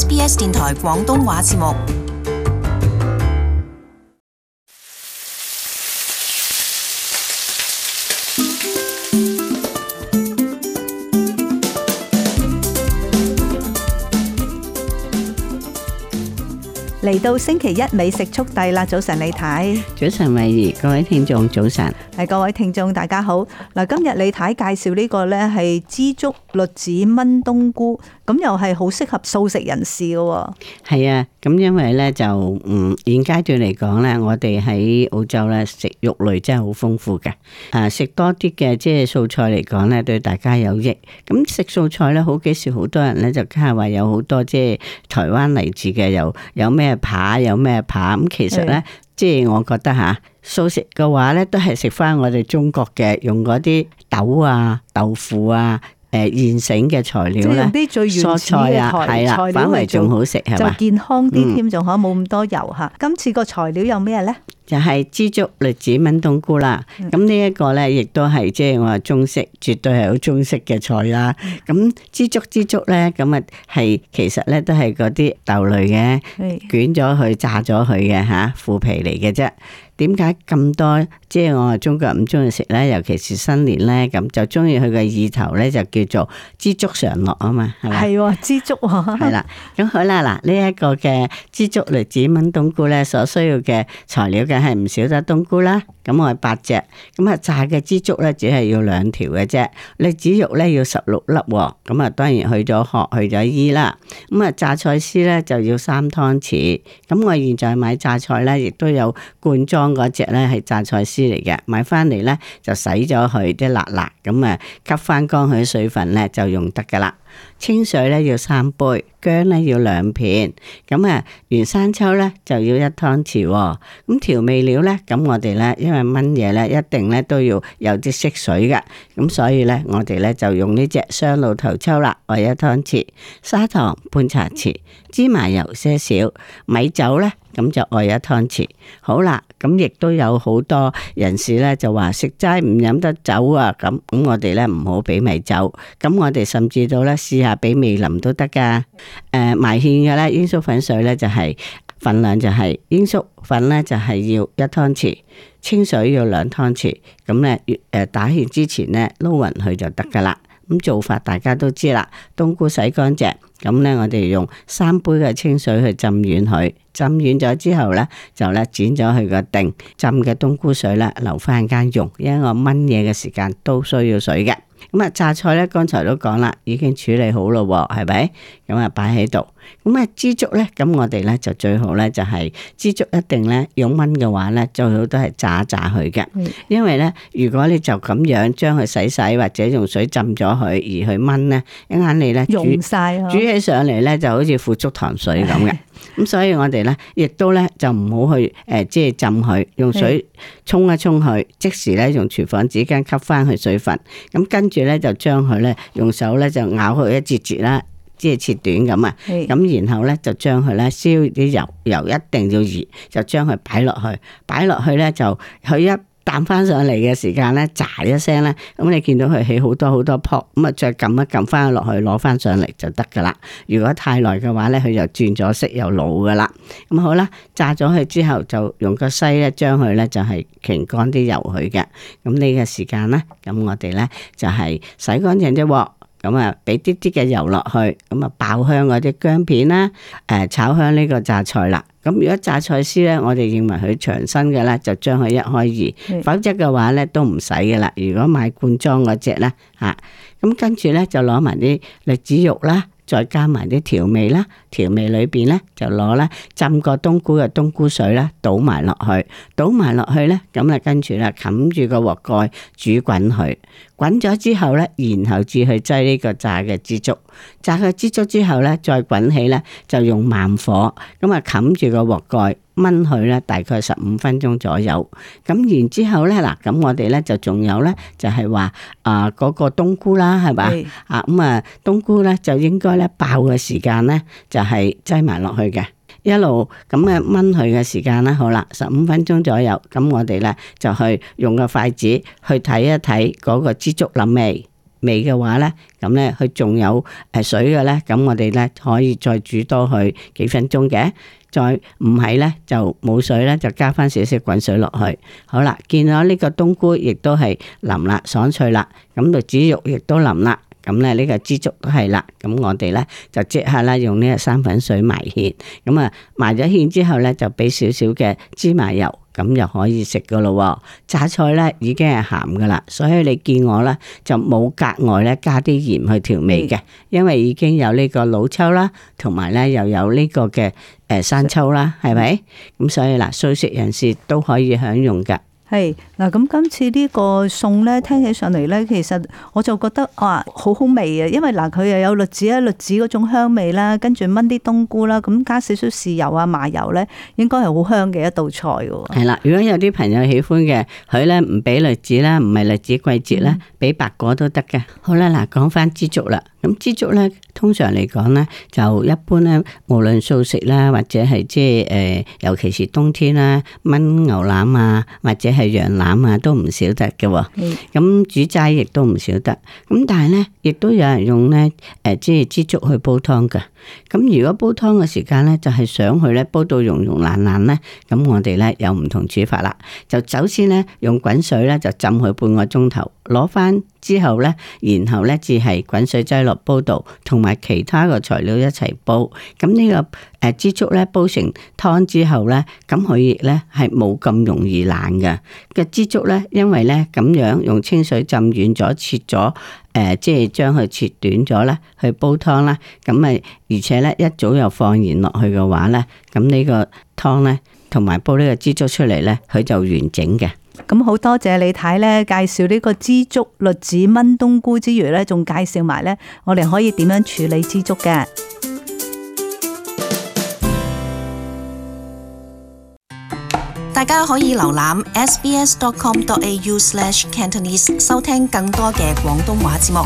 SBS 電台廣東話節目。嚟到星期一美食速遞啦！早晨，李太。早晨，慧怡，各位聽眾早晨。係各位聽眾，大家好。來今日李太介紹呢個咧，係枝竹栗子炆冬菇，咁又係好適合素食人士嘅。係啊，咁因為咧就，嗯，現階段嚟講咧，我哋喺澳洲咧食肉類真係好豐富嘅。啊，食多啲嘅即係素菜嚟講咧，對大家有益。咁食素菜咧，好幾時好多人咧就梗係話有好多即係台灣嚟自嘅，又有咩？扒有咩扒咁？其實咧，是即係我覺得吓，素食嘅話咧，都係食翻我哋中國嘅，用嗰啲豆啊、豆腐啊、誒現成嘅材料咧，啲最原菜啊，係啦了，反為仲好食係嘛，就健康啲添，仲可冇咁多油吓。今次個材料有咩咧？就係枝竹栗子炆冬菇啦，咁呢一個咧，亦都係即係我話中式，絕對係好中式嘅菜啦。咁枝竹枝竹咧，咁啊係其實咧都係嗰啲豆類嘅，捲咗佢炸咗佢嘅吓腐皮嚟嘅啫。點解咁多？即、就、係、是、我啊，中國人唔中意食呢，尤其是新年呢。咁就中意佢嘅意頭呢，就叫做知足常樂啊嘛，係、嗯、嘛？係喎，知足。係 啦樂，咁、 嗯、好啦，嗱，呢一個嘅枝竹」栗子炆冬菇呢，所需要嘅材料嘅係唔少得冬菇啦。咁我係八隻，咁啊炸嘅枝竹」呢，只係要兩條嘅啫。栗子肉呢，要十六粒、哦，咁啊當然去咗殼，去咗衣啦。咁啊榨菜絲呢，就要三湯匙。咁我現在買榨菜呢，亦都有罐裝。嗰隻咧，係榨菜絲嚟嘅，買翻嚟咧，就洗咗佢啲辣辣，咁啊吸翻乾佢水分咧，就用得噶啦。清水咧要三杯，薑咧要兩片，咁啊原生抽咧就要一湯匙哦。咁調味料咧，咁我哋咧因為炆嘢，咧一定咧都要有啲色水嘅，咁所以咧我哋咧就用呢隻雙露頭抽啦，我一湯匙砂糖半茶匙，芝麻油些少，米酒咧。咁就愛一湯匙，好啦。咁亦都有好多人士咧就話食齋唔飲得酒啊，咁咁我哋咧唔好俾米酒。咁我哋甚至到咧試下俾味淋都得噶、啊。誒埋芡嘅咧，鷹粟粉水咧就係、是、份量就係鷹粟粉咧就係、是、要一湯匙清水要兩湯匙，咁咧誒打芡之前咧撈勻佢就得噶啦。咁做法大家都知啦，冬菇洗乾淨，咁咧我哋用三杯嘅清水去浸軟佢，浸軟咗之後咧就剪咗佢個定，浸嘅冬菇水咧留翻間用，因為我炆嘢嘅時間都需要水嘅。咁啊，榨菜咧，剛才都講啦，已經處理好咯，係咪？咁啊，擺喺度。咁啊，支竹咧，咁我哋咧就最好咧、就係，就係支竹一定咧用燜嘅話咧，最好都係炸一炸佢嘅，因為咧，如果你就咁樣將佢洗洗或者用水浸咗佢而去燜咧，一眼你咧煮曬，煮起上嚟咧就好似腐竹糖水咁嘅。咁 所以我哋咧，亦都咧就唔好去誒，即、呃、係浸佢，用水沖一沖佢，即時咧用廚房紙巾吸翻佢水分，咁跟住咧就將佢咧用手咧就咬佢一截截啦，即係切短咁啊。咁然後咧就將佢咧燒啲油，油一定要熱，就將佢擺落去，擺落去咧就佢一。彈翻上嚟嘅時間咧，炸一聲咧，咁你見到佢起好多好多泡，咁啊再撳一撳翻落去，攞翻上嚟就得噶啦。如果太耐嘅話咧，佢就轉咗色，又老噶啦。咁好啦，炸咗佢之後，就用一個西咧將佢咧就係擎乾啲油去嘅。咁呢個時間咧，咁我哋咧就係洗乾淨隻鑊，咁啊俾啲啲嘅油落去，咁啊爆香嗰啲姜片啦，誒炒香呢個榨菜啦。咁如果榨菜絲咧，我哋認為佢長身嘅咧，就將佢一開二，是否則嘅話咧都唔使噶啦。如果買罐裝嗰隻咧，吓、啊，咁跟住咧就攞埋啲栗子肉啦，再加埋啲調味啦，調味裏邊咧就攞咧浸過冬菇嘅冬菇水啦，倒埋落去，倒埋落去咧，咁啊跟住啦，冚住個鑊蓋煮滾佢。滾咗之後咧，然後至去擠呢個炸嘅枝竹。炸嘅枝竹之後咧，再滾起咧，就用慢火，咁啊冚住個鑊蓋燜佢咧，大概十五分鐘左右。咁然之後咧嗱，咁我哋咧就仲有咧，就係話啊嗰個冬菇啦，係咪？是啊咁啊、嗯、冬菇咧就應該咧爆嘅時間咧就係擠埋落去嘅。一路咁樣燜佢嘅時間啦，好啦，十五分鐘左右，咁我哋咧就去用個筷子去睇一睇嗰個枝竹腍未？未嘅話咧，咁咧佢仲有誒水嘅咧，咁我哋咧可以再煮多佢幾分鐘嘅。再唔係咧，就冇水咧，就加翻少少滾水落去。好啦，見到呢個冬菇亦都係腍啦、爽脆啦，咁栗子肉亦都腍啦。咁咧呢個枝竹係啦，咁我哋咧就即刻啦，用呢個生粉水埋芡，咁啊埋咗芡，芡之後咧就俾少少嘅芝麻油，咁又可以食噶咯。榨菜咧已經係咸噶啦，所以你見我咧就冇格外咧加啲鹽去調味嘅，因為已經有呢個老抽啦，同埋咧又有呢個嘅誒生抽啦，係咪？咁所以啦，素食人士都可以享用嘅。係嗱，咁今次呢個餸咧，聽起上嚟咧，其實我就覺得哇，好好味啊！因為嗱，佢又有栗子啊，栗子嗰種香味啦，跟住燜啲冬菇啦，咁加少少豉油啊、麻油咧，應該係好香嘅一道菜喎。係啦，如果有啲朋友喜歡嘅，佢咧唔俾栗子啦，唔係栗子季節啦，俾、嗯、白果都得嘅。好啦，嗱，講翻知竹啦。咁枝竹咧，通常嚟講咧，就一般咧，無論素食啦，或者係即係誒，尤其是冬天啦，燜牛腩啊，或者係，羊腩啊，都唔少得嘅，咁的、嗯、煮齋亦都唔少得。咁但係咧，亦都有人用咧，誒、呃，即係支竹去煲湯嘅。咁如果煲湯嘅時間咧，就係、是、想佢咧煲到溶溶爛爛咧，咁我哋咧有唔同煮法啦。就首先咧，用滾水咧就浸佢半個鐘頭。攞翻之後呢，然後呢，至係滾水擠落煲度，同埋其他嘅材料一齊煲。咁呢個誒枝竹咧煲成湯之後呢，咁佢亦呢係冇咁容易爛嘅。嘅枝竹咧，因為呢咁樣用清水浸軟咗，切咗誒、呃，即係將佢切短咗呢，去煲湯啦。咁啊，而且呢，一早又放鹽落去嘅話呢，咁呢個湯呢，同埋煲呢個枝竹出嚟呢，佢就完整嘅。咁好多謝你睇咧，介紹呢個支竹栗子炆冬菇之餘咧，仲介紹埋咧，我哋可以點樣處理支竹嘅。大家可以瀏覽 sbs.com.au/cantonese 收聽更多嘅廣東話節目。